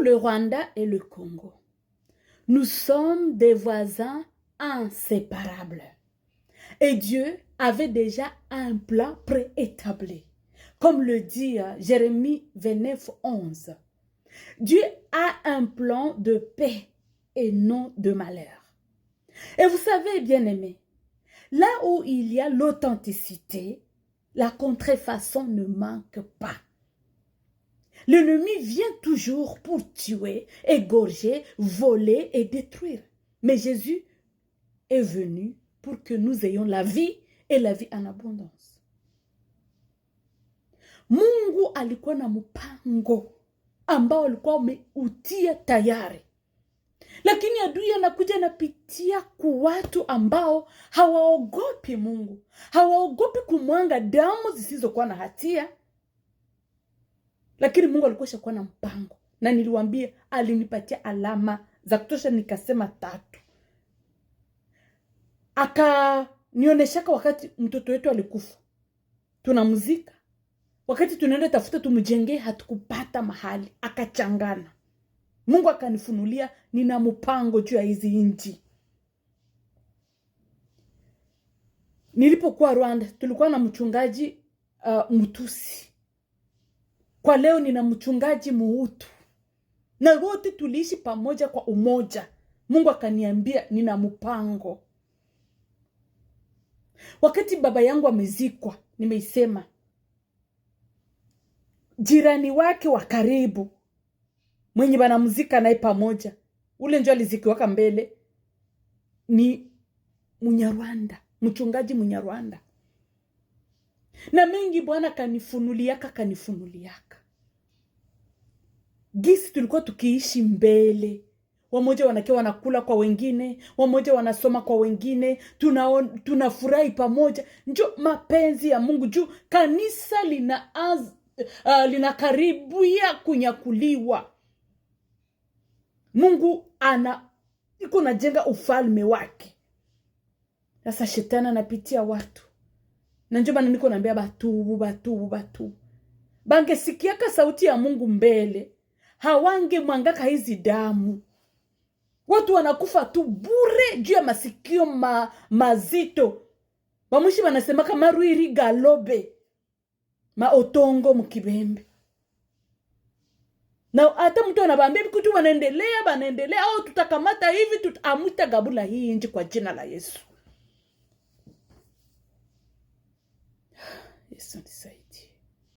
le Rwanda et le Congo, nous sommes des voisins inséparables. Et Dieu avait déjà un plan préétabli. Comme le dit euh, Jérémie 29, 11. Dieu a un plan de paix et non de malheur. Et vous savez, bien-aimés, là où il y a l'authenticité, la contrefaçon ne manque pas. L'ennemi vient toujours pour tuer, égorger, voler et détruire. Mais Jésus est venu pour que nous ayons la vie et la vie en abondance. Mungu alikuwa na mpango ambao alikuwa ameutia tayari, lakini adui anakuja pitiya pitia watu ambao hawaogopi Mungu, hawaogopi kumwanga damu zisizokuwa na hatia lakini Mungu alikuwa shakuwa na mpango, na niliwambia alinipatia alama za kutosha, nikasema tatu. Akanioneshaka wakati mtoto wetu alikufa, tunamzika, wakati tunaenda tafuta tumjengee, hatukupata mahali, akachangana. Mungu akanifunulia nina mpango juu ya hizi nchi. Nilipokuwa Rwanda tulikuwa na mchungaji uh, Mtusi kwa leo nina mchungaji muutu na wote tuliishi pamoja kwa umoja. Mungu akaniambia nina mpango. Wakati baba yangu amezikwa, nimeisema jirani wake wa karibu mwenye banamzika naye pamoja, ule njo alizikiwaka mbele, ni Munyarwanda, mchungaji Munyarwanda. Na mengi Bwana kanifunuliaka kanifunuliaka gisi tulikuwa tukiishi mbele wamoja wanakiwa wanakula kwa wengine, wamoja wanasoma kwa wengine, tunafurahi tuna pamoja. Njo mapenzi ya Mungu juu kanisa lina az, uh, lina karibu ya kunyakuliwa. Mungu ana iko najenga ufalme wake. Sasa shetani anapitia watu, na niko naambia batubu, batubu, batubu. Bangesikiaka sauti ya Mungu mbele hawange mwangaka hizi damu. Watu wanakufa tu bure juu ya masikio ma, mazito. Bamushi kama marwiri galobe otongo mukibembe na hata mtu anabambia vikutu wanaendelea wanaendelea, au oh, tutakamata hivi tutamuta gabula hii nje kwa jina la Yesu. Yesu nisaidie.